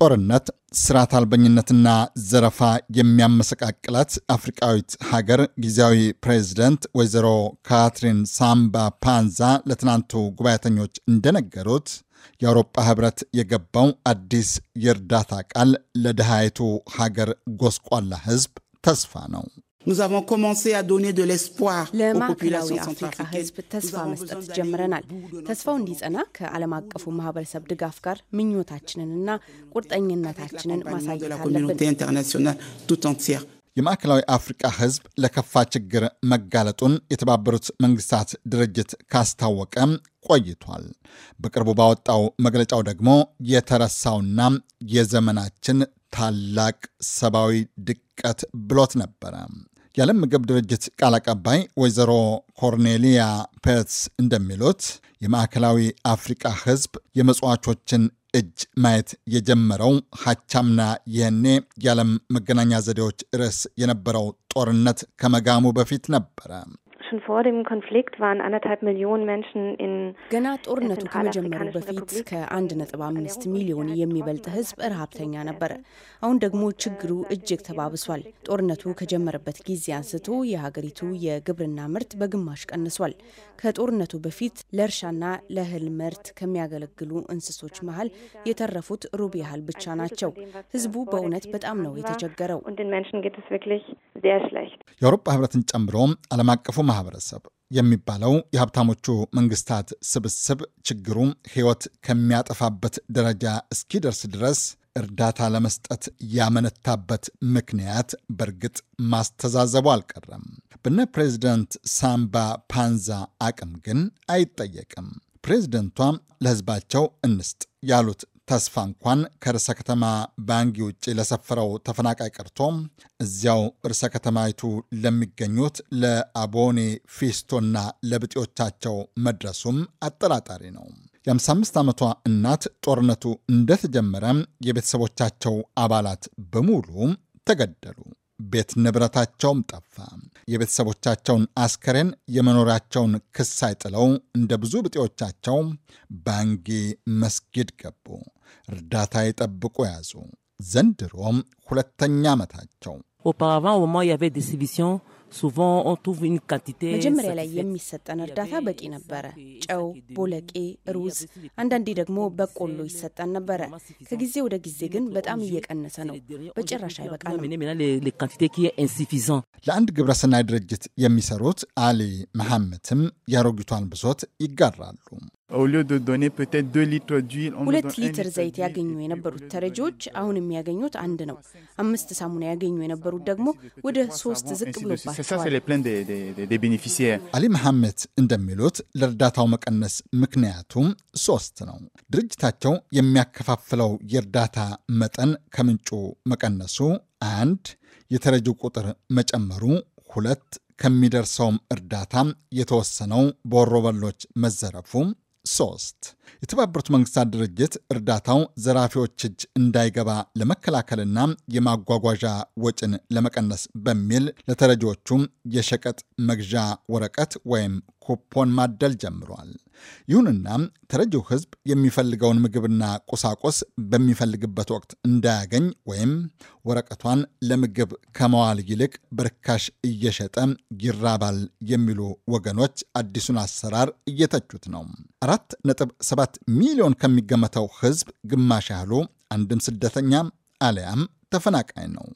ጦርነት፣ ስርዓት አልበኝነትና ዘረፋ የሚያመሰቃቅላት አፍሪቃዊት ሀገር ጊዜያዊ ፕሬዚደንት ወይዘሮ ካትሪን ሳምባ ፓንዛ ለትናንቱ ጉባኤተኞች እንደነገሩት የአውሮፓ ህብረት የገባው አዲስ የእርዳታ ቃል ለድሃይቱ ሀገር ጎስቋላ ህዝብ ተስፋ ነው። nous avons commencé à donner de l'espoir aux populations centrafricaines. ተስፋ መስጠት ጀምረናል። ተስፋው እንዲጸና ከዓለም አቀፉ ማህበረሰብ ድጋፍ ጋር ምኞታችንንና ቁርጠኝነታችንን ማሳየት አለብን። የማዕከላዊ አፍሪቃ ህዝብ ለከፋ ችግር መጋለጡን የተባበሩት መንግስታት ድርጅት ካስታወቀ ቆይቷል። በቅርቡ ባወጣው መግለጫው ደግሞ የተረሳውና የዘመናችን ታላቅ ሰብአዊ ድቀት ብሎት ነበረ። የዓለም ምግብ ድርጅት ቃል አቀባይ ወይዘሮ ኮርኔሊያ ፐትስ እንደሚሉት የማዕከላዊ አፍሪቃ ህዝብ የመጽዋቾችን እጅ ማየት የጀመረው ሀቻምና ይህኔ የዓለም መገናኛ ዘዴዎች ርዕስ የነበረው ጦርነት ከመጋሙ በፊት ነበረ። ገና ጦርነቱ ከመጀመሩ በፊት ከ1.5 ሚሊዮን የሚበልጥ ህዝብ ረሃብተኛ ነበረ። አሁን ደግሞ ችግሩ እጅግ ተባብሷል። ጦርነቱ ከጀመረበት ጊዜ አንስቶ የሀገሪቱ የግብርና ምርት በግማሽ ቀንሷል። ከጦርነቱ በፊት ለእርሻና ለእህል ምርት ከሚያገለግሉ እንስሶች መሀል የተረፉት ሩብ ያህል ብቻ ናቸው። ሕዝቡ በእውነት በጣም ነው የተቸገረው። የአውሮፓ ህብረትን ጨምሮ ዓለም አቀፉ ማህበረሰብ የሚባለው የሀብታሞቹ መንግስታት ስብስብ ችግሩ ህይወት ከሚያጠፋበት ደረጃ እስኪደርስ ድረስ እርዳታ ለመስጠት ያመነታበት ምክንያት በእርግጥ ማስተዛዘቡ አልቀረም። በነ ፕሬዚደንት ሳምባ ፓንዛ አቅም ግን አይጠየቅም። ፕሬዚደንቷም ለህዝባቸው እንስጥ ያሉት ተስፋ እንኳን ከርዕሰ ከተማ ባንጊ ውጭ ለሰፈረው ተፈናቃይ ቀርቶ እዚያው ርዕሰ ከተማይቱ ለሚገኙት ለአቦኔ ፌስቶና ለብጤዎቻቸው መድረሱም አጠራጣሪ ነው። የ55 ዓመቷ እናት ጦርነቱ እንደተጀመረ የቤተሰቦቻቸው አባላት በሙሉ ተገደሉ። ቤት ንብረታቸውም ጠፋ። የቤተሰቦቻቸውን አስከሬን የመኖሪያቸውን ክስ አይጥለው እንደ ብዙ ብጤዎቻቸው ባንጊ መስጊድ ገቡ። እርዳታ የጠብቁ ያዙ። ዘንድሮም ሁለተኛ ዓመታቸው መጀመሪያ ላይ የሚሰጠን እርዳታ በቂ ነበረ። ጨው፣ ቦለቄ፣ ሩዝ፣ አንዳንዴ ደግሞ በቆሎ ይሰጠን ነበረ። ከጊዜ ወደ ጊዜ ግን በጣም እየቀነሰ ነው። በጭራሽ አይበቃም። ለአንድ ግብረሰናይ ድርጅት የሚሰሩት አሊ መሐመትም የአሮጊቷን ብሶት ይጋራሉ። ሁለት ሊትር ዘይት ያገኙ የነበሩት ተረጂዎች አሁን የሚያገኙት አንድ ነው። አምስት ሳሙና ያገኙ የነበሩት ደግሞ ወደ ሶስት ዝቅ ብሎባቸዋል። አሊ መሐመድ እንደሚሉት ለእርዳታው መቀነስ ምክንያቱም ሶስት ነው። ድርጅታቸው የሚያከፋፍለው የእርዳታ መጠን ከምንጩ መቀነሱ፣ አንድ የተረጂ ቁጥር መጨመሩ፣ ሁለት ከሚደርሰውም እርዳታ የተወሰነው በወሮበሎች መዘረፉ ሶስት የተባበሩት መንግስታት ድርጅት እርዳታው ዘራፊዎች እጅ እንዳይገባ ለመከላከልና የማጓጓዣ ወጪን ለመቀነስ በሚል ለተረጂዎቹም የሸቀጥ መግዣ ወረቀት ወይም ኩፖን ማደል ጀምሯል። ይሁንና ተረጂው ህዝብ የሚፈልገውን ምግብና ቁሳቁስ በሚፈልግበት ወቅት እንዳያገኝ ወይም ወረቀቷን ለምግብ ከመዋል ይልቅ በርካሽ እየሸጠ ይራባል የሚሉ ወገኖች አዲሱን አሰራር እየተቹት ነው። 7.7 ሚሊዮን ከሚገመተው ህዝብ ግማሽ ያህሉ አንድም ስደተኛ አለያም ተፈናቃይ ነው።